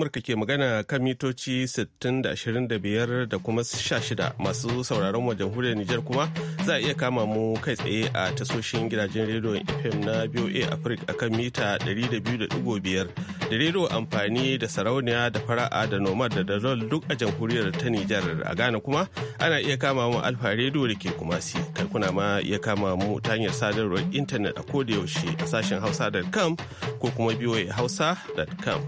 Amurka ke magana kan mitoci 60-25 da kuma 16 masu sauraron wa jamhuriyar Nijar kuma za a iya kama mu kai tsaye a tasoshin gidajen rediyon FM na BOA Africa a kan mita 200.5 da rediyo amfani da sarauniya da fara'a da nomad da dalol duk a jamhuriyar ta Nijar a Ghana kuma ana iya kama mu alfa rediyo da ke kuma si kuna ma iya kama mu ta hanyar sadarwar intanet a kodayaushe a sashen hausa.com ko kuma BOA hausa.com.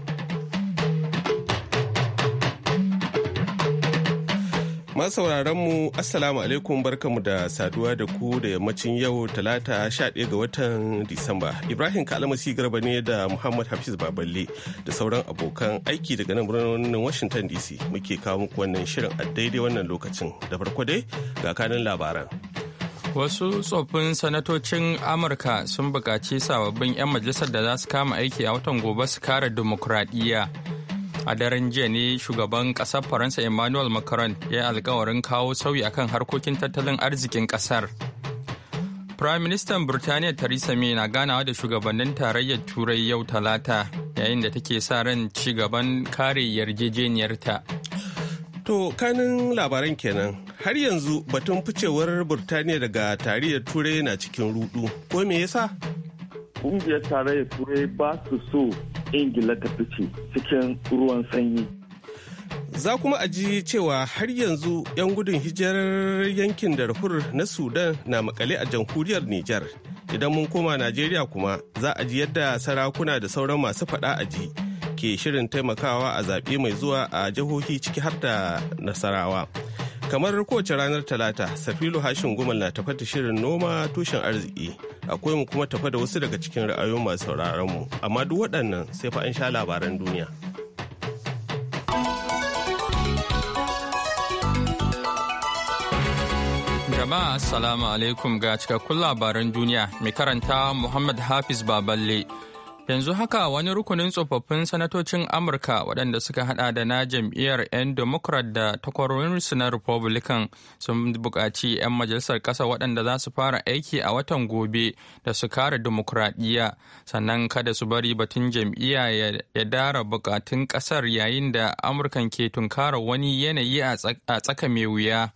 mu assalamu alaikum barkamu da saduwa da ku da yammacin yau talata 11 ga watan disamba ibrahim kalmasi garba ne da muhammad hafiz baballe da sauran abokan aiki daga nan birnin washington dc muke kawo muku wannan shirin a daidai wannan lokacin da farko dai ga kanin labaran wasu tsoffin sanatocin amurka sun buƙaci sababbin 'yan majalisar da za su kama aiki a watan gobe su kare dimokuraɗiyya a daren jiya ne shugaban ƙasar faransa emmanuel macron ya yi alkawarin kawo sauyi akan harkokin tattalin arzikin ƙasar. prime minister birtaniya theresa may na ganawa da shugabannin tarayyar turai yau talata yayin da take sa ran ci gaban kare yarjejeniyarta to kanin labaran kenan har yanzu batun ficewar birtaniya daga tarayyar turai na cikin rudu ko me yasa ƙungiyar tarayyar turai ba su so ingila ta fice cikin ruwan sanyi za kuma a ji cewa har yanzu 'yan gudun hijirar yankin darfur na sudan na makale a jamhuriyar nijar idan mun koma najeriya kuma za a ji yadda sarakuna da sauran masu faɗa a ji ke shirin taimakawa a zaɓe mai zuwa a jihohi ciki har da nasarawa. kamar kowace ranar talata safilu hashin gumal na tafa da shirin noma tushen arziki akwai mu kuma tafa da wasu daga cikin ra'ayoyin masu sauraron mu amma duk waɗannan sai fa an sha labaran duniya jama'a assalamu alaikum ga cikakkun labaran duniya mai karanta muhammad hafiz baballe Yanzu haka wani rukunin tsofaffin sanatocin Amurka waɗanda suka hada da na jam'iyyar 'yan Democrat da takwarorinsu na Republican sun buƙaci 'yan majalisar ƙasa waɗanda za su fara aiki a watan gobe da su kare dimokuraɗiyya sannan kada su bari batun jam'iyya ya dara bukatun ƙasar yayin da Amurkan ke tunkara wani yanayi a tsaka mai wuya.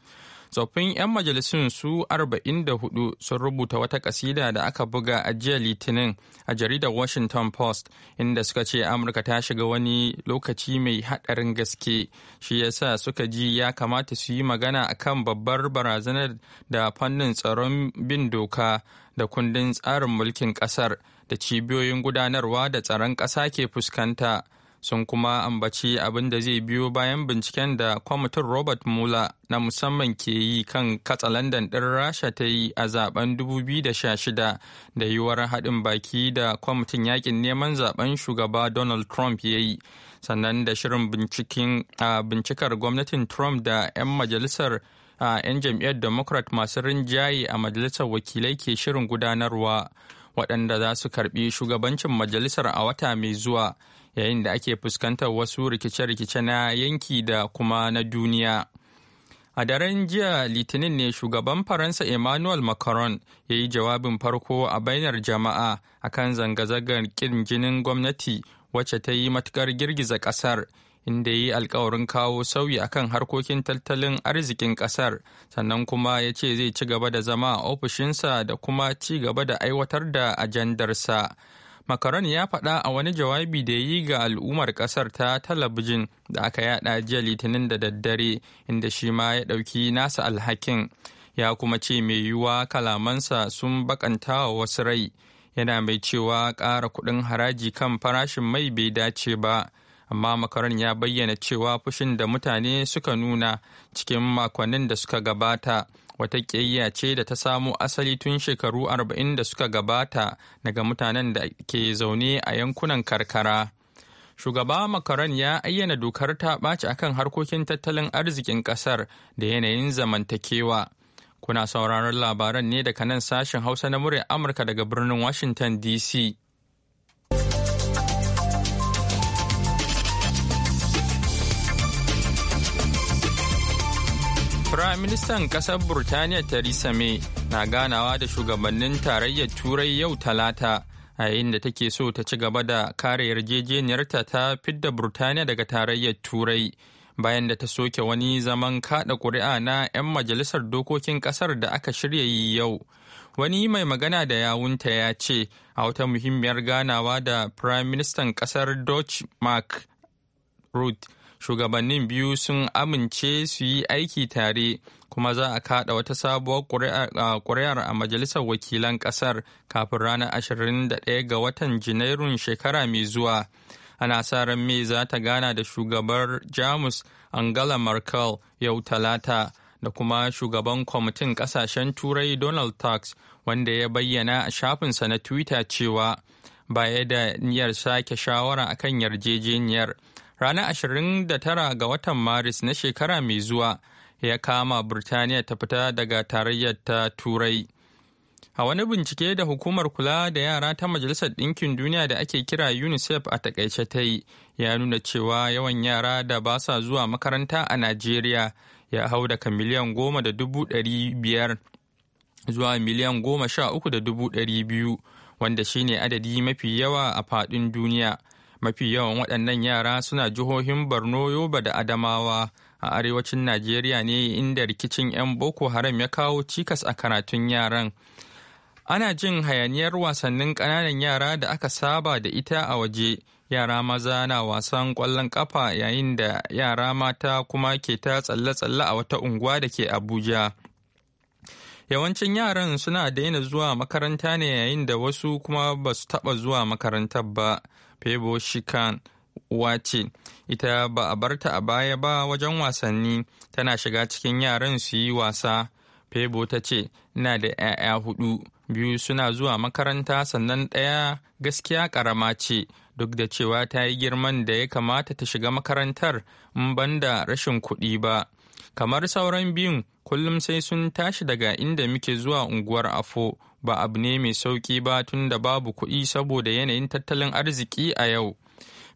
tsoffin 'yan majalisun su 44 sun rubuta wata kasida da aka buga a jiya litinin a jaridar washington post inda suka ce amurka ta shiga wani lokaci mai haɗarin gaske shi yasa suka ji ya kamata su yi magana akan babbar barazanar da fannin tsaron bin doka da kundin tsarin mulkin ƙasar da cibiyoyin gudanarwa da tsaron ƙasa ke fuskanta. sun kuma ambaci abin da zai biyo bayan binciken da kwamitin robert mueller na musamman ke yi kan katsalandan ɗin rasha ta yi a zaben 2016 da yiwuwar haɗin baki da kwamitin yakin neman zaben shugaba donald trump ya yi sannan da shirin bincikar gwamnatin trump da 'yan majalisar a 'yan jam'iyyar democrat masu rinjaye a majalisar wakilai ke shirin gudanarwa waɗanda za su karɓi shugabancin majalisar a wata mai zuwa yayin da ake fuskantar wasu rikice-rikice na yanki da kuma na duniya. A daren jiya Litinin ne shugaban Faransa Emmanuel Macron ya yi jawabin farko a bainar jama'a akan zanga-zangar kin jinin gwamnati wacce ta yi matukar girgiza ƙasar. inda ya yi alkawarin kawo sauyi akan harkokin tattalin arzikin ƙasar sannan kuma ya ce zai ci gaba da zama a ofishinsa da kuma ci gaba da aiwatar da ajandarsa Macron ya faɗa a wani jawabi da yi ga al'ummar ƙasar ta talabijin da aka yaɗa jiya litinin da daddare inda shi ma ya ɗauki nasa alhakin. Ya kuma ce mai yiwuwa kalamansa sun baƙanta wa wasu rai. Yana mai cewa ƙara kuɗin haraji kan farashin mai bai dace ba. Amma makaron ya bayyana cewa fushin da mutane suka nuna cikin makonnin da suka gabata. wata ƙiyayya ce da ta samo asali tun shekaru arba'in da suka gabata daga mutanen da ke zaune a yankunan karkara. Shugaba Makaron ya ayyana dokar ta ɓaci akan harkokin tattalin arzikin ƙasar da yanayin zamantakewa. Kuna sauraron labaran ne daga nan sashen Hausa na murya Amurka daga birnin Washington DC. Firaministan ƙasar Burtaniya Theresa May na ganawa da shugabannin tarayyar Turai yau Talata a yayin da take so ta ci gaba da kare yarjejeniyarta ta fidda Burtaniya daga tarayyar Turai bayan da ta soke wani zaman kaɗa ƙuri'a na 'yan majalisar dokokin ƙasar da aka shirya yi yau. Wani mai magana da yawunta ya ce a wata muhimmiyar ganawa da Firaministan ƙasar Dutch Mark Rutte. shugabannin biyu sun amince su yi aiki tare kuma za a kada wata sabuwar ƙuri'ar a majalisar wakilan ƙasar kafin ranar 21 ga watan janairun shekara mai zuwa ana sa ran mai za ta gana da shugabar jamus angela merkel yau talata da kuma shugaban kwamitin kasashen turai donald tusk wanda ya bayyana a shafinsa na twitter cewa baya da niyyar sake shawara akan yarjejeniyar ranar 29 ga watan maris na shekara mai zuwa ya kama Burtaniya ta fita daga tarayyar ta Turai. A wani bincike da hukumar kula da yara ta Majalisar Ɗinkin Duniya da ake kira UNICEF a takaice ta yi, ya nuna cewa yawan yara da ba sa zuwa makaranta a Najeriya ya hau daga miliyan goma da dubu ɗari biyar zuwa miliyan goma sha uku da dubu ɗari biyu, wanda shine adadi mafi yawa a faɗin duniya. mafi yawan waɗannan yara suna jihohin borno yoba da adamawa a arewacin najeriya ne inda rikicin 'yan boko haram ya kawo cikas a karatun yaran ana jin hayaniyar wasannin ƙananan yara da aka saba da ita a waje yara maza na wasan ƙwallon kafa yayin da yara mata kuma ke ta tsalle-tsalle a wata unguwa da ke abuja Yawancin yaran suna daina zuwa makaranta ne yayin da wasu kuma ba su taɓa zuwa makarantar ba. Febo Shikan wace ita ba a barta a baya ba wajen wasanni tana shiga cikin yaran su yi wasa. Febo ta ce, "Ina da 'ya'ya hudu, biyu suna zuwa makaranta sannan ɗaya gaskiya ƙarama ce, duk da cewa ta yi girman da ya kamata ta shiga makarantar in banda rashin kuɗi ba. Kamar sauran biyun kullum sai sun tashi daga inda muke zuwa unguwar afo ba abu ne mai sauƙi ba tun da babu kuɗi saboda yanayin tattalin arziki a yau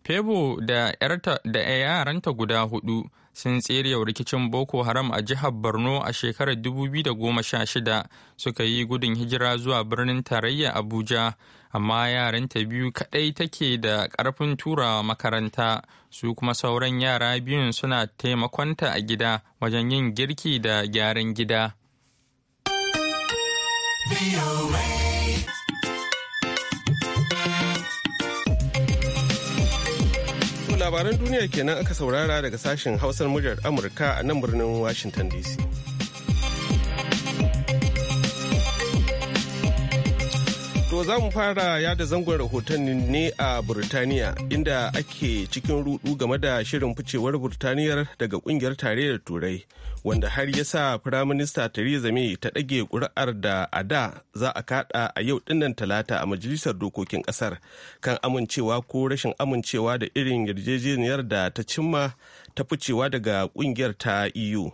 febo da yaranta guda hudu sun tserewa rikicin boko haram a jihar borno a shekarar 2016 suka yi gudun hijira zuwa birnin tarayya abuja amma yaranta biyu kadai take da ƙarfin turawa makaranta su kuma sauran yara biyun suna taimakonta a gida wajen yin girki da gyaran gida. labaran duniya kenan aka saurara daga sashen hausar muryar amurka a nan birnin washington dc za mu fara yada zangon rahoton ne a Burtaniya inda ake cikin rudu game da shirin ficewar Burtaniyar daga kungiyar tarayyar Turai wanda har ya sa Firaminista Theresa May ta ɗage ƙuri'ar da a da za a kaɗa a yau ɗinnan talata a Majalisar Dokokin ƙasar kan amincewa ko rashin amincewa da irin yarjejeniyar da ta cimma ta ficewa daga kungiyar ta EU.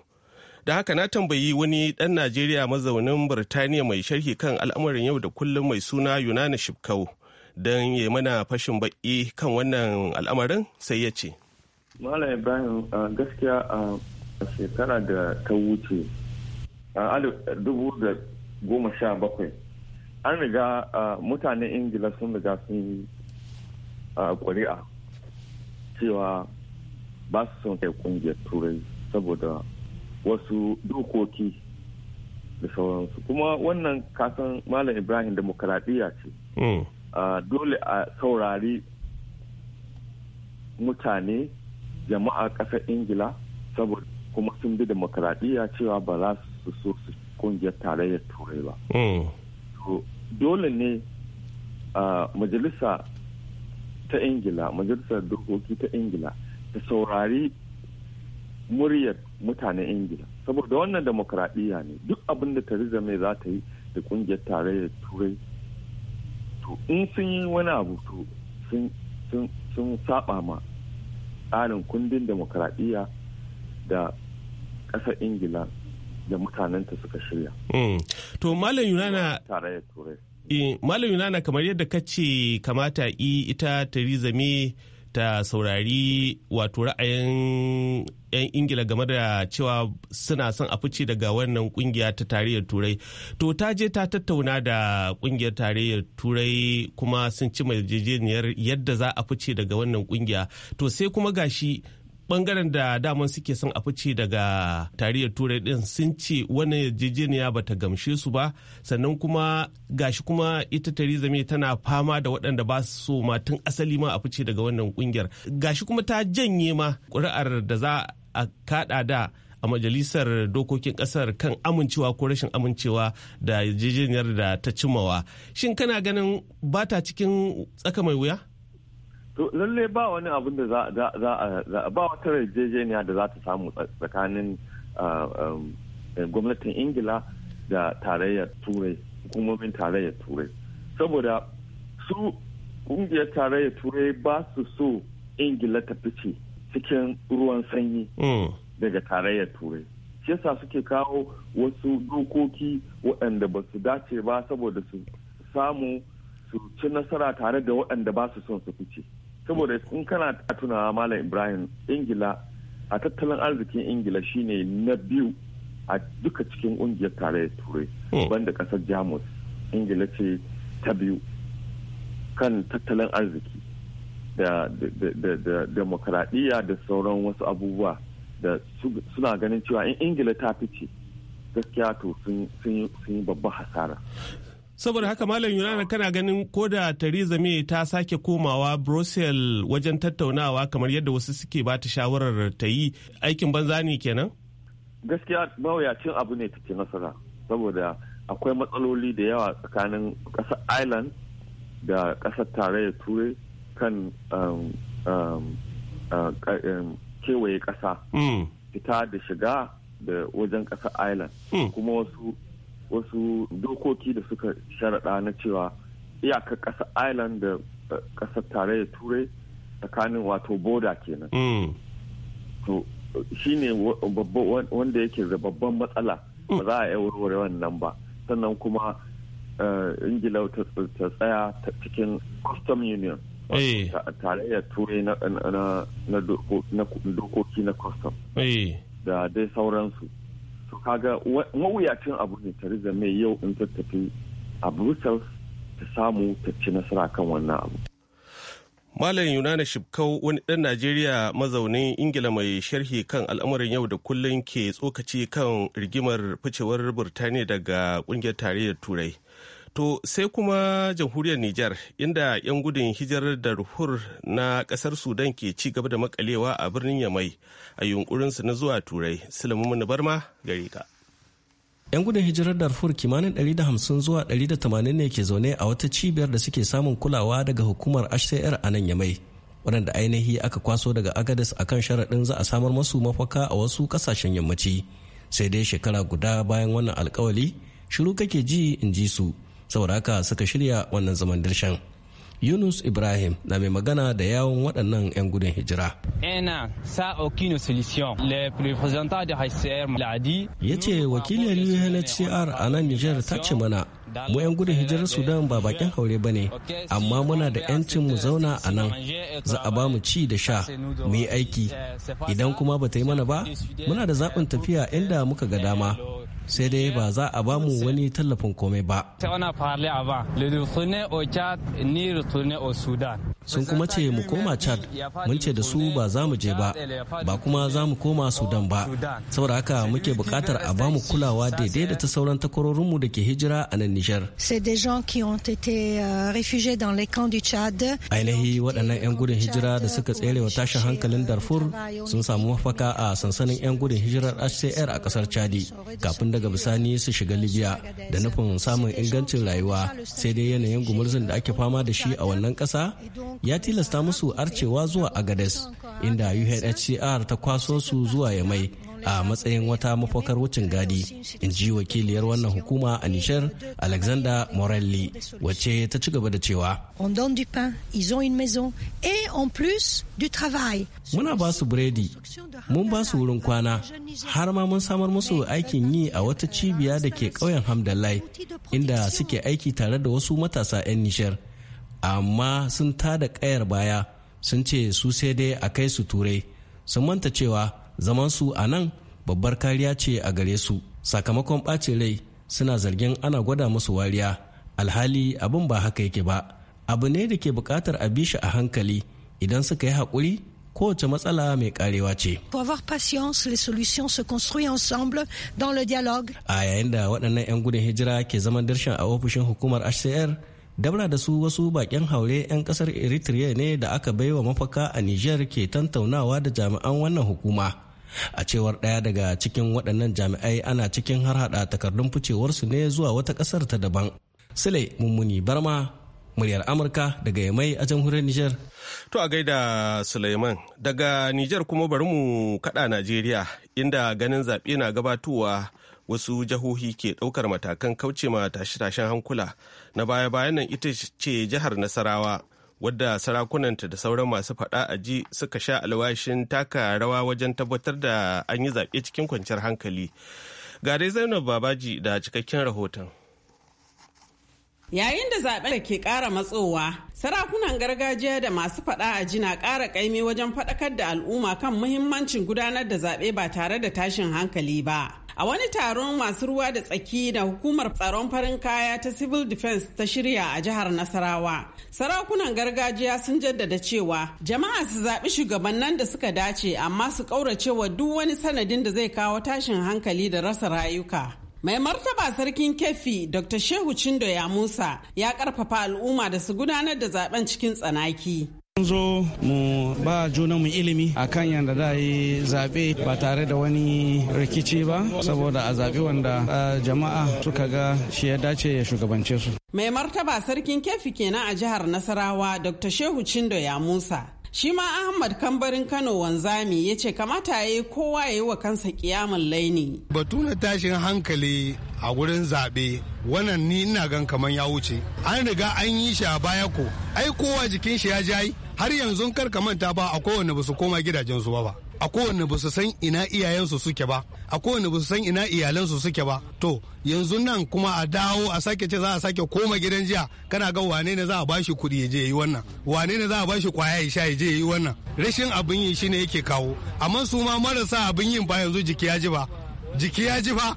da haka na tambayi wani dan najeriya mazaunin birtaniya mai sharhi kan al'amarin yau da kullum mai suna yunana shibkau don ya mana fashin baki kan wannan al'amarin sai ya ce malam ibrahim gaskiya a shekara da ta wuce a dubu da goma sha bakwai an riga mutanen ingila sun riga sun yi ƙuri'a cewa ba su son kai kungiyar turai saboda wasu dokoki da sauransu kuma wannan kasan malam ibrahim demokradiyya ce hmm. dole a saurari mutane jama'a ƙasar ingila saboda kuma sun bi demokradiyya cewa ba za su so su kungiyar tarayyar turai ba hmm. dole ne majalisa ta ingila majalisar dokoki ta ingila ta saurari muryar mutanen ingila saboda wannan demokradiyya ne duk abin da theresa may za ta yi da kungiyar tarayyar turai to in sun yi wani abu to sun saba ma tsarin kundin demokradiyya da ƙasar ingila da mutanenta suka shirya hmm. to malam yunana tarayyar turai eh, malam yunana kamar yadda ka ce kamata i ita theresa may ta saurari wato ra'ayin 'yan ingila game da cewa suna son a fice daga wannan kungiya ta tarayyar turai to ta je ta tattauna da kungiyar tarayyar turai kuma sun ci yarjejeniyar yadda za a fice daga wannan kungiya to sai kuma gashi bangaren da daman suke son a fice daga tarayyar turai din sun ce wannan yarjejeniya bata gamshe su ba sannan kuma gashi kuma ita theresa may tana fama da waɗanda ba su so ma tun asali ma a fice daga wannan kungiyar gashi kuma ta janye ma ƙuri'ar da za a kada da a majalisar dokokin ƙasar kan amincewa ko rashin amincewa da yarjejeniyar da ta cimawa shin kana ganin bata cikin tsaka mai wuya lalle ba wani abin da za a ba wata yarjejeniya da za ta samu tsakanin ah, um, gwamnatin ingila da tarayyar turai hukumomin tarayyar turai saboda su kungiyar tarayyar turai ba su so ingila ta fice cikin ruwan sanyi hmm. daga tarayyar turai shi yasa suke kawo wasu dokoki waɗanda ba su dace ba saboda su samu su ci nasara tare da waɗanda ba su son su fice saboda in kana a tunawa malam ibrahim ingila a tattalin arzikin ingila shine na biyu a duka cikin ƙungiyar tarayyar turai hmm. banda kasar jamus ingila ce ta biyu kan tattalin arziki da demokradiyya da sauran wasu abubuwa da suna ganin cewa in ingila ta fice gaskiya to sun yi babban hasara saboda haka malam yunana kana ganin ko da theresa may ta sake komawa brussels wajen tattaunawa kamar yadda wasu suke ba ta shawarar ta yi aikin banza ne kenan gaskiya mawuyacin abu ne take nasara saboda akwai matsaloli da yawa tsakanin ƙasar ireland da ƙasar tarayyar turai kan um, um, uh, um, kewaye ƙasa mm. fita da shiga da wajen ƙasar ireland mm. kuma wasu wasu dokoki da suka sharaɗa na cewa iyakar ƙasa Ireland da eh, ƙasar tarayyar turai tsakanin wato boda kenan. Mm. To shi ne wanda yake da babban matsala ba mm. za a yi warware wannan ba. Sannan kuma eh, Ingila ta tsaya cikin custom union. Eh. tarayyar turai na dokoki na custom. Da dai sauransu. to kaga mawuyacin abu ne Theresa May yau in ta tafi a Brussels ta samu ta ci nasara kan wannan abu. Malam Yunana Shibkau wani ɗan Najeriya mazaunin Ingila mai sharhi kan al'amuran yau da kullum ke tsokaci kan rigimar ficewar Burtaniya daga ƙungiyar tarayyar Turai. To sai kuma jamhuriyar Nijar inda 'yan gudun hijirar Darfur na kasar Sudan ke ci gaba da makalewa a birnin Yamai a yunkurinsu na zuwa Turai. Sulaimu Barma gare ka. 'yan gudun hijirar darfur kimanin 150 zuwa 180 ne ke zaune a wata cibiyar da suke samun kulawa daga hukumar hcr a nan yamai waɗanda ainihi aka kwaso daga agadis a kan sharaɗin za a samar masu mafaka a wasu ƙasashen yammaci sai dai shekara guda bayan wannan alkawali shiru kake ji in ji su saboda haka suka shirya wannan zaman dirshan yunus ibrahim na mai magana da yawon waɗannan 'yan gudun hijira ya ce wakiliyar unhcr a nan nijar ta ce mana mu 'yan gudun hijirar sudan ba bakin haure ba ne amma muna da 'yancin mu zauna a nan za a ba mu ci da sha mu yi aiki eh, idan kuma ba ta yi mana ba muna da zaɓin tafiya inda muka ga eh, dama sai dai ba za a bamu wani tallafin komai ba. Sun kuma ce mu koma Chad, mun ce da su ba za mu je ba, ba kuma za mu koma Sudan ba. Saboda haka muke bukatar a bamu kulawa daidai da ta sauran takwarorinmu da ke hijira a nan Nijar. Ainihi waɗannan 'yan gudun hijira da suka tsere wa tashin hankalin Darfur sun samu mafaka a sansanin 'yan gudun hijirar HCR a kasar Chadi kafin daga bisani su shiga libya da nufin samun ingancin rayuwa sai dai yanayin gumurzun da ake fama da shi a wannan kasa ya tilasta musu arcewa zuwa agades inda unhcr ta kwaso su zuwa yamai a matsayin wata mafakar wucin gadi in ji wakiliyar wannan hukuma a nishar alexander morelli wacce ta ci gaba da cewa muna ba su biredi mun ba su wurin kwana har ma mun samar musu aikin yi a wata cibiya da ke ƙauyen hamdallai inda suke aiki tare da wasu matasa 'yan nishar amma sun tada ƙayar baya sun ce su sai dai a kai su turai sun manta cewa zaman su a nan babbar kariya ce a gare su sakamakon ɓacin rai suna zargin ana gwada musu wariya alhali abin ba haka yake ba abu ne da ke buƙatar a bi shi a hankali idan suka yi haƙuri kowace matsala mai karewa ce. Pour avoir patience, les solutions se construisent ensemble dans le dialogue. A yayin da waɗannan 'yan gudun hijira ke zaman darshan a ofishin hukumar HCR, dabra da su wasu baƙin haure 'yan ƙasar Eritrea ne da aka baiwa mafaka a Niger ke tantaunawa da jami'an wannan hukuma. a cewar ɗaya daga cikin waɗannan jami'ai ana cikin har hada takardun ficewarsu ne zuwa wata ƙasar ta daban sule mummuni barma muryar amurka daga yamai a jamhuriyar niger to a gaida suleiman daga niger kuma bari mu kaɗa najeriya inda ganin zaɓe na gabatowa wasu jihohi ke ɗaukar matakan kauce ma tashe-tashen hankula na baya-bayan nan ita ce jihar nasarawa wadda sarakunanta da sauran masu faɗa a ji suka sha alwashin taka rawa wajen tabbatar da an yi zaɓe cikin kwanciyar hankali. Gare Zainab Babaji da cikakken rahoton. Yayin da zaɓen da ke ƙara matsowa, sarakunan gargajiya da masu faɗa a jina ƙara ƙaimi wajen faɗakar da al'umma kan muhimmancin gudanar da zaɓe ba tare da tashin hankali ba. A wani taron masu ruwa da tsaki da hukumar tsaron farin kaya ta Civil Defense ta shirya a jihar Nasarawa. Sarakunan gargajiya sun jaddada cewa jama'a su zaɓi shugabannin da suka dace amma su ƙauracewa duk wani sanadin da zai kawo tashin hankali da rasa rayuka. Mai martaba sarkin kefi Dr. Shehu Chindo ya Musa ya ƙarfafa al'umma da su gudanar da zaben cikin tsanaki. zo mu ba mu ilimi a kan yadda da yi zaɓe ba tare da wani rikici ba saboda a zaɓi wanda jama'a suka ga shi ya dace ya shugabance su. Mai martaba sarkin kefi kenan a jihar Nasarawa Dr. Shehu Chindo ya Musa. Shi ma Ahmad Kambarin Kano wanzami ya ce kamata ya yi kowa ya yi wa kansa kiyamun laini. Batu na tashin hankali a wurin zaɓe wannan ni ina gan kamar ya wuce. An riga an yi shi a baya ko, ai kowa jikin shi ya jayi. har yanzu kar ka manta ba a kowanne ba su koma gidajensu ba ba a kowanne ba su san ina iyayensu suke ba a kowanne ba su san ina iyalansu suke ba to yanzu nan kuma a dawo a sake ce za a sake koma gidan jiya kana ga wane ne za a bashi kuɗi ya je yi wannan wane ne za a bashi kwaya ya sha ya je yi wannan rashin abin yi shine yake kawo amma su ma marasa abin yin ba yanzu jiki ya ji ba jiki ya ji ba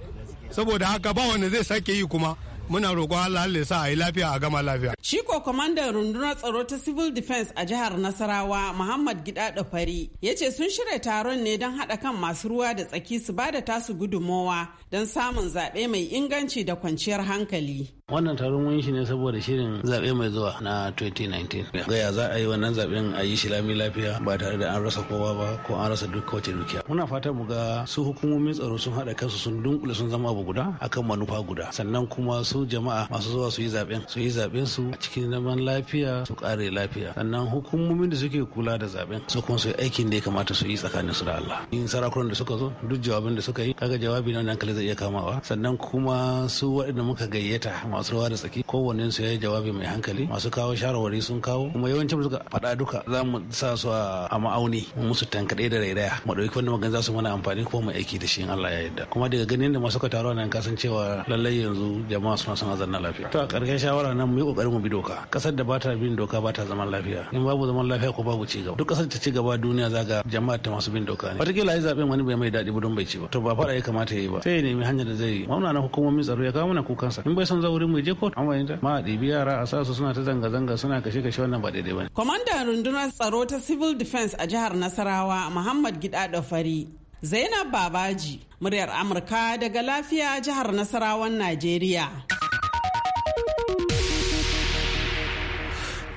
saboda haka ba wanda zai sake yi kuma muna roƙon Allah Allah sa a yi lafiya a gama lafiya. Shi ko kwamandan rundunar tsaro ta civil defense a jihar Nasarawa Muhammad da Fari ya ce sun shirya taron ne don haɗa kan masu ruwa da tsaki su ba da tasu gudummawa don samun zaɓe mai inganci da kwanciyar hankali. wannan taron mun shi ne saboda shirin zaɓe mai zuwa na 2019 gaya za a yi wannan zaɓen a yi shi lami lafiya ba tare da an rasa kowa ba ko an rasa duk wace dukiya muna fata mu ga su hukumomin tsaro sun haɗa kansu sun dunkule sun zama abu guda akan manufa guda sannan kuma su jama'a masu zuwa su yi zaɓen su yi zaɓen su a cikin zaman lafiya su ƙare lafiya sannan hukumomin da suke kula da zaɓen su kuma su yi aikin da ya kamata su yi tsakanin su da Allah in sarakunan da suka zo duk jawabin da suka yi kaga jawabi na nan kale zai iya kamawa sannan kuma su waɗanda muka gayyata masu rawa da tsaki kowanne su yayi jawabi mai hankali masu kawo shawarwari sun kawo kuma yawancin suka faɗa duka za mu sa su a ma'auni mu musu tankaɗe da rairaya mu ɗauki wannan magana za su mana amfani kuma mu aiki da shi in Allah ya yarda kuma daga ganin da masu ka taro nan kasan cewa lallai yanzu jama'a suna son azan lafiya to a ƙarshen shawara nan mu yi ƙoƙarin mu bi doka ƙasar da ba ta bin doka ba ta zaman lafiya in babu zaman lafiya ko babu cigaba duk ƙasar ta cigaba gaba duniya za ga jama'a ta masu bin doka ne wataƙila ai zaɓen wani bai mai daɗi ba don bai ci ba to ba faɗa ya kamata ya yi ba sai ya nemi hanyar da zai yi mauna na hukumomin tsaro ya kawo mana kukansa in bai son zaurin mu je kotu an wayanta ma a ɗibi yara a sasu suna ta zanga-zanga suna kashe-kashe wannan ba daidai ba kwamandan rundunar tsaro ta civil defense a jihar nasarawa muhammad gida da fari zainab babaji muryar amurka daga lafiya jihar nasarawan najeriya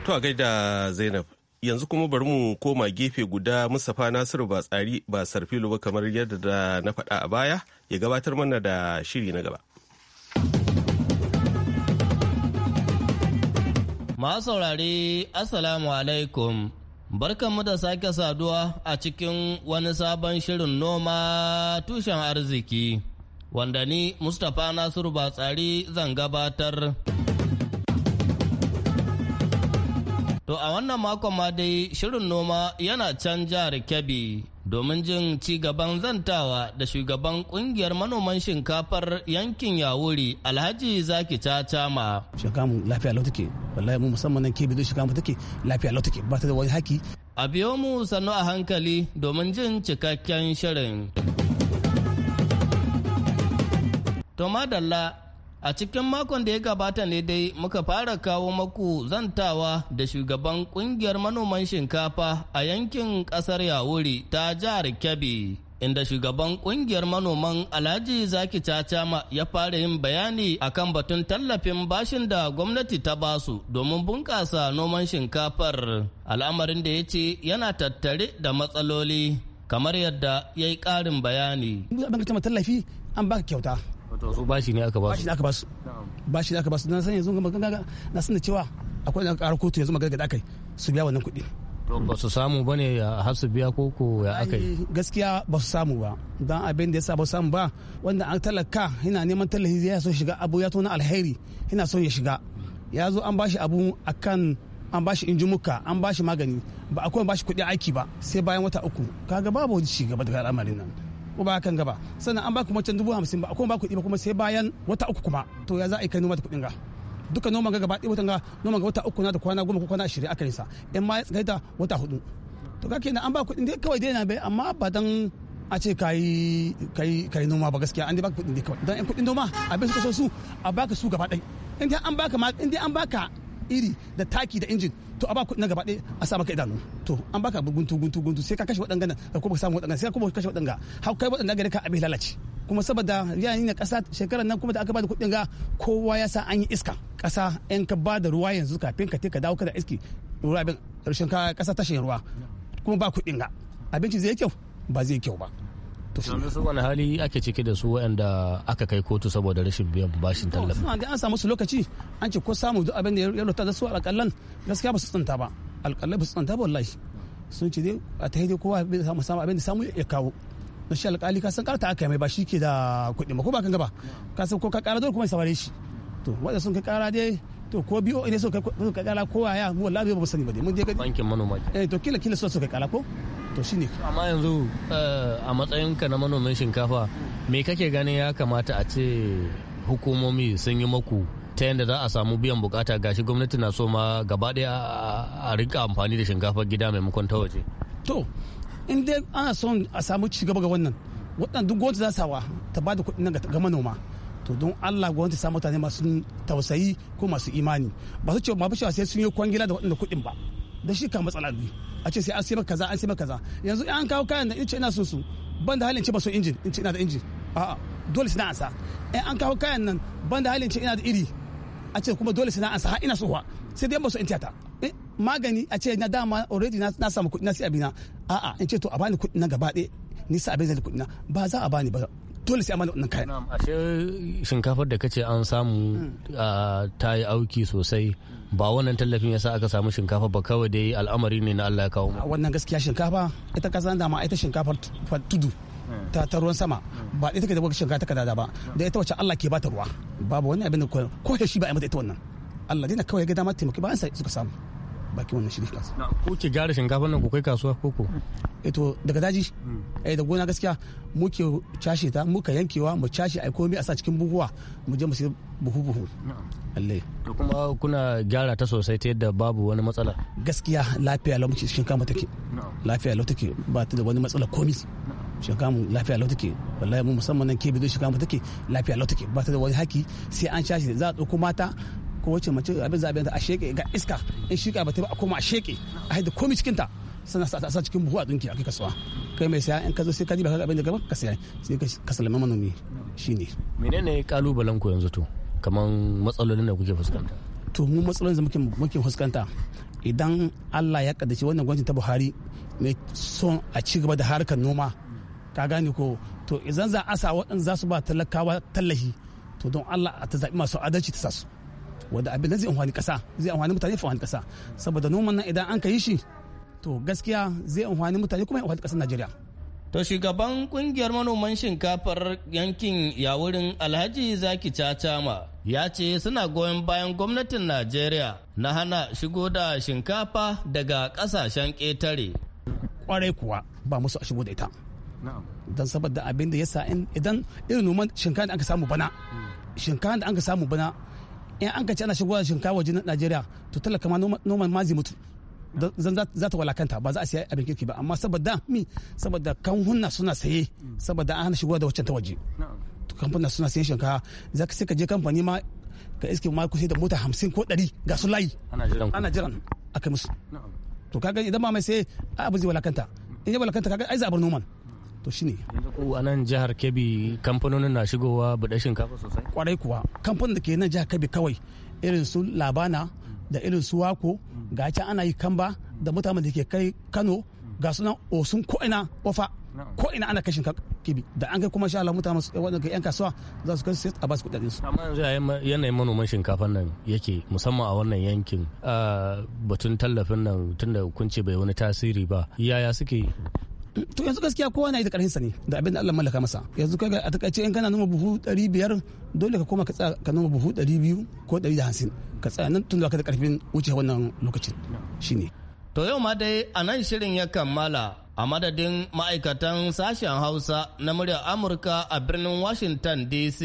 to a gaida zainab yanzu kuma bari mu koma gefe guda mustapha nasiru ba tsari ba sarfilu ba kamar yadda na faɗa a baya ya gabatar mana da shiri na gaba Masu saurari Assalamu alaikum. Barkanmu da sake saduwa a cikin wani sabon shirin noma tushen arziki, wanda ni Mustapha Nasiru Batsari zan gabatar. To a wannan makon ma dai shirin noma yana can jihar domin jin ci gaban zantawa da shugaban kungiyar manoman shinkafar yankin yawuri alhaji zaki ta tama Shekamu lafiya lau ke wallahi mu musamman nan kebi shekamu ta take lafiya lau take ba ta da wani haki a biyo mu sannu a hankali domin jin cikakken shirin to A cikin makon da ya gabata ne dai muka fara kawo maku zantawa da shugaban kungiyar manoman shinkafa a yankin kasar Yawuri ta jihar Kebbi. Inda shugaban kungiyar manoman Alhaji Zaki Cacama ya fara yin bayani akan batun tallafin bashin da gwamnati ta basu domin bunƙasa noman shinkafar al'amarin da ya ce yana tattare da matsaloli kamar yadda ya yi ƙarin bayani. an baka kyauta. to su bashi ne aka basu bashi ne aka basu bashi ne aka basu na san yanzu magana na san da cewa akwai ɗan karar kotu yanzu magana da aka su biya wannan kuɗi to ba su samu ba ne ya har su biya koko ya aka yi gaskiya ba su samu ba dan abin da ya sa ba su samu ba wanda an talaka yana neman tallafi ya so shiga abu ya tona alheri yana so ya shiga ya zo an bashi abu akan an bashi injimuka an bashi magani ba akwai bashi kuɗi aiki ba sai bayan wata uku kaga babu wani ci gaba daga al'amarin nan ko ba kan gaba sannan an baku macen dubu hamsin ba kuma baku ɗiba kuma sai bayan wata uku kuma to ya za a yi kai noma da kuɗin ga duka noman ga gaba ɗaya ga ga wata uku na da kwana goma ko kwana ashirin aka rinsa in ma ya tsakaita wata hudu to ga kenan an ba kuɗin dai kawai dai na bai amma ba dan a ce ka yi noma ba gaskiya an dai baka kuɗin dai kawai dan in kuɗin noma abin suka so su a baka su gaba ɗaya in dai an baka in dai an baka iri da taki da injin to a ba kuɗi na gaba ɗaya a sa maka idanu to an baka guntu guntu guntu sai ka kashe waɗannan ka kuma samu waɗannan sai ka kuma kashe waɗannan har kai waɗannan gari ka abin lalace kuma saboda yayin da ƙasa shekarar nan kuma da aka ba da kuɗin ga kowa ya sa an yi iska ƙasa in ka ba da ruwa yanzu kafin ka ka dawo ka da iski ruwa bin ƙarshen ka ƙasa tashin ruwa kuma ba kuɗin ga abinci zai kyau ba zai kyau ba yanzu su wani hali ake ciki da su waɗanda aka kai kotu saboda rashin biyan bashin tallafi suna da an samu su lokaci an ce ko samu duk abin da ya rota da su alƙallan gaskiya ba su tsanta ba alƙallan ba su tsanta ba wallahi sun ce dai a ta dai kowa bai samu samu abin da samu ya kawo na shi alƙali ka san karata aka mai ba shi ke da kuɗi ma ko ba kan gaba ka san ko ka ƙara dole kuma ya samare shi to wanda sun ka ƙara dai to ko biyo ne sun kai kala ko ya wallahi ba mu sani ba dai mun je ga bankin manoma eh to kila kila so so ka ko to ne amma yanzu eh, a matsayinka na manomin shinkafa me kake ganin ya kamata a ce hukumomi sun yi maku ta yadda za a samu biyan bukata gashi gwamnati na so ma gaba daya a rika amfani da shinkafar gida maimakon ta waje to in dai ana son a samu ci gaba ga wannan waɗannan duk gwamnati za su sawa ta ba da kuɗin ga manoma to don Allah gwamnati sa mutane masu tausayi ko masu imani ba su ce ma fi sai sun yi kwangila da waɗanda kuɗin ba da shi ka matsala ne a ce sai an sai kaza an sai kaza yanzu an kawo kayan da in ce ina son su ban da halin ce ba so injin in ce ina da injin a'a dole sai na ansa in an kawo kayan nan ban da halin ce ina da iri a ce kuma dole sai na ansa ina so sai dai ba so in tiyata eh, magani a ce na dama already na samu kuɗi na sai abina a'a in ce to a bani kuɗi na gaba ɗaya ni sai abin zai kuɗi na ba za a bani ba dole sai a mana wannan kayan ashe shinkafar da kace an samu hmm. ta yi auki sosai ba wannan tallafin yasa aka samu shinkafa ba kawai dai al'amari ne na Allah ya kawo wannan gaskiya shinkafa ita kasa dama ita shinkafar tudu hmm. ta ta ruwan sama hmm. ba ita ke da wata shinkafa ta da ba da ita wacce Allah ke ba ta ruwa babu wani abin da ko shi ba a mata ita wannan Allah dai na kawai ya ga dama taimaki ba an sai suka samu bakin wannan shirin kasuwa na ku ki gyara shinkafa nan ku kai kasuwa ko ko Eto eh, daga daji hmm. eh da gona gaskiya muke cashe ta muka yankewa mu cashe ai komai a sa cikin buhuwa mu je mu sai buhu buhu Allah. to kuma kuna gyara ta sosai ta yadda babu wani matsala gaskiya lafiya lau muke shinkafa take lafiya lau take ba ta da wani matsala komai mu lafiya lau take wallahi mu musamman nan ke bido shinkafa take lafiya lau take ba ta da wani haki sai an cashe za a ɗauko mata ko wace mace abin zaɓen ta a sheke ga iska in shika ba ta ba a koma a sheke a haida komi cikin ta sannan sa sa cikin buhu a dunki a kai kasuwa kai mai saya in ka zo sai ka ji ba ka abin da gaba ka saya sai ka salama manomi shine menene kalubalen ku yanzu to kaman matsalolin da kuke fuskanta to mu matsalolin da muke muke fuskanta idan Allah ya kaddace wannan gwamnati ta Buhari mai son a ci gaba da harkar noma ka gane ko to idan za a sa waɗanda za su ba talakawa tallahi to don Allah ta zaɓi masu adalci ta sa su wanda abin nan zai amfani kasa zai amfani mutane fa amfani kasa saboda noman nan idan an ka yi shi to gaskiya zai amfani mutane kuma ya amfani kasar Najeriya To shugaban kungiyar manoman shinkafar yankin yawurin Alhaji Zaki Cacama ya ce suna goyon bayan gwamnatin Najeriya na hana shigo da shinkafa daga kasashen ƙetare. Kwarai kuwa ba musu a shigo da ita. Don saboda abin da ya sa idan irin noman shinkafa da aka samu bana. Hmm. Shinkafa da aka samu bana in an ka ci ana shigowa shinkafa waje na najeriya to talaka ma noman ma zai mutu zan za ta walakanta ba za a siya abin kirki ba amma saboda mi saboda hunna suna saye saboda an hana shigowa da waccan ta waje kamfanin suna sayan shinkafa za ka sai ka je kamfani ma ka iske ma kusa da mota hamsin ko ɗari ga su layi ana jiran a kai musu to kaga idan ma mai sai abu zai walakanta in ya walakanta kaga ai za a bar noman to shine ku a nan jihar kebbi kamfanonin na shigowa buɗe shinkafa sosai kwarai kuwa kamfanin da ke nan jihar kebbi kawai irin su labana da irin su wako ga can ana yi kamba da mutanen da ke kai kano ga sunan osun ko'ina ofa ko'ina ana kashin kebbi da an kai kuma sha Allah mutane wanda ga yan kasuwa za su kai sai a basu kudin su amma yanzu yanayin manoman shinkafan nan yake musamman a wannan yankin batun tallafin nan tunda kun ce bai wani tasiri ba yaya suke to yanzu gaskiya kowa na yi da karfin sa ne da abin da Allah mallaka masa yanzu kai a takaice in kana numa buhu 500 dole ka koma ka tsaya ka numa buhu 200 ko 150 ka tsaya nan tun da ka da karfin wuce wannan lokacin shine to yau ma dai a nan shirin ya kammala a madadin ma'aikatan sashen hausa na muryar amurka a birnin washington dc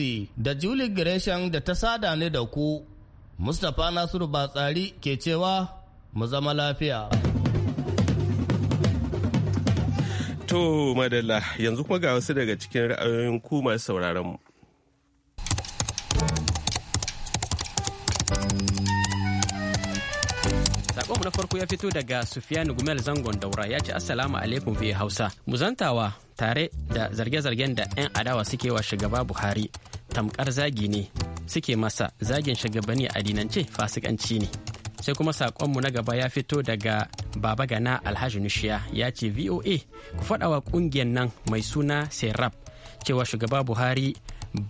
da julie gresham da ta sada ni da ku mustapha nasiru batsari ke cewa mu zama lafiya To madalla yanzu kuma ga wasu daga cikin ra'ayoyin ku masu sauraron mu. Sakonmu na farko ya fito daga Sufiyan Gumel Zangon Daura ya ce Assalamu alaikum fiye Hausa. Muzantawa tare da zarge-zargen da 'yan adawa suke wa shugaba Buhari tamkar zagi ne suke masa zagin shugabanni a dinance fasikanci ne. sai kuma saƙonmu na gaba ya fito daga baba gana alhaji Nishiya ya ce voa ku faɗawa ƙungiyar nan mai suna serap cewa shugaba buhari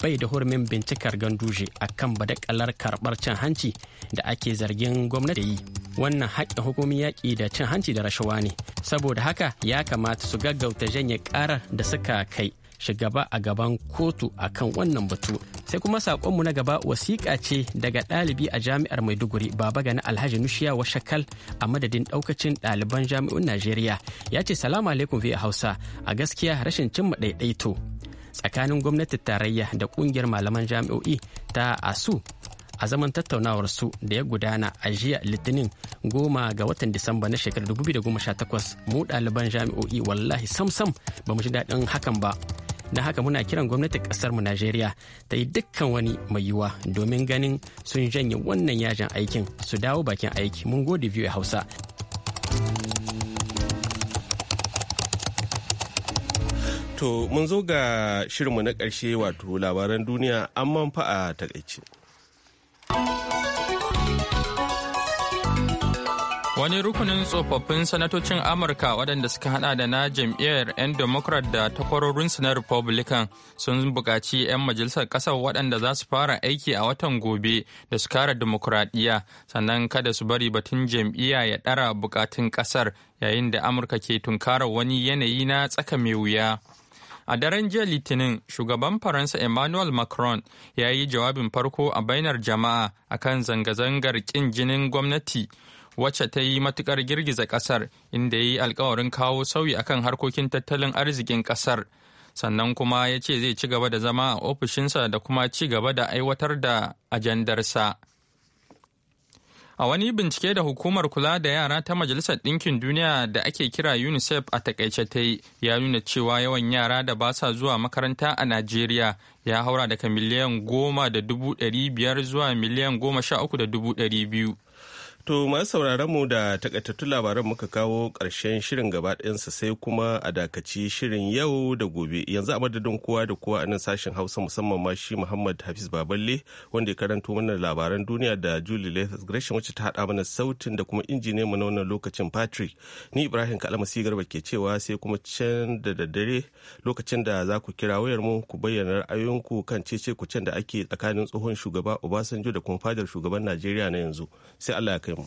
bai da hurumin bincikar ganduje a kan badakalar karɓar cin hanci da ake zargin gwamnati yi wannan haƙƙin hukumin yaƙi da cin hanci da rashawa ne saboda haka ya kamata su gaggauta janye ƙarar da suka kai shugaba a gaban kotu akan wannan batu sai kuma sakonmu na gaba wasiƙa ce daga ɗalibi a jami'ar maiduguri baba gani alhaji nushiya wa shakal a madadin ɗaukacin ɗaliban jami'un najeriya ya ce salamu alaikum a hausa a gaskiya rashin cimma ɗaiɗaito tsakanin gwamnatin tarayya da ƙungiyar malaman jami'o'i ta asu a zaman tattaunawarsu da ya gudana a jiya litinin goma ga watan disamba na shekarar 2018 mu ɗaliban jami'o'i wallahi sam-sam ba mu ji daɗin hakan ba da haka muna kiran gwamnatin mu najeriya ta yi dukkan wani mai yiwuwa domin ganin sun janye wannan yajin aikin su dawo bakin aiki mun gode biyu hausa to mun zo ga shirinmu na ƙarshe wato labaran duniya an fa a takaice. wani rukunin tsofaffin sanatocin amurka waɗanda suka hada da na jam'iyyar 'yan democrat da takwarorinsu na republican sun buƙaci 'yan majalisar ƙasar waɗanda za su fara aiki a watan gobe da su kara demokuraɗiyya sannan kada su bari batun jam'iyya ya ɗara buƙatun ƙasar yayin da amurka ke tunkarar wani yanayi na tsaka mai wuya A daren jiya Litinin, shugaban Faransa Emmanuel Macron ya yi jawabin farko a bainar jama'a akan zanga-zangar ƙin jinin gwamnati wacce ta yi matukar girgiza kasar inda ya yi alkawarin kawo sauyi akan harkokin tattalin arzikin kasar sannan kuma ya ce zai ci gaba da zama a ofishinsa da kuma ci gaba da aiwatar da ajandarsa a wani bincike da hukumar kula da yara ta majalisar ɗinkin duniya da ake kira unicef a takaice ta yi ya nuna cewa yawan yara da ba sa zuwa makaranta a najeriya ya haura daga miliyan goma da dubu ɗari biyar zuwa miliyan goma sha uku da dubu ɗari biyu To masu sauraron mu da takaitattu labaran muka kawo ƙarshen shirin gaba ɗayansa sai kuma a dakaci shirin yau da gobe yanzu a madadin kowa da kowa a nan sashen hausa musamman ma shi Muhammad Hafiz Baballe wanda ya karanto mana labaran duniya da Julie Lathas Gresham wacce ta haɗa mana sautin da kuma injiniyan mu na wannan lokacin Patrick ni Ibrahim Kalmasi Garba ke cewa sai kuma can da daddare lokacin da za ku kira wayar mu ku bayyana ra'ayoyinku kan cece ku can da ake tsakanin tsohon shugaba Obasanjo da kuma fadar shugaban Najeriya na yanzu sai Allah ya kai 用。